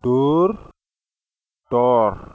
dóor door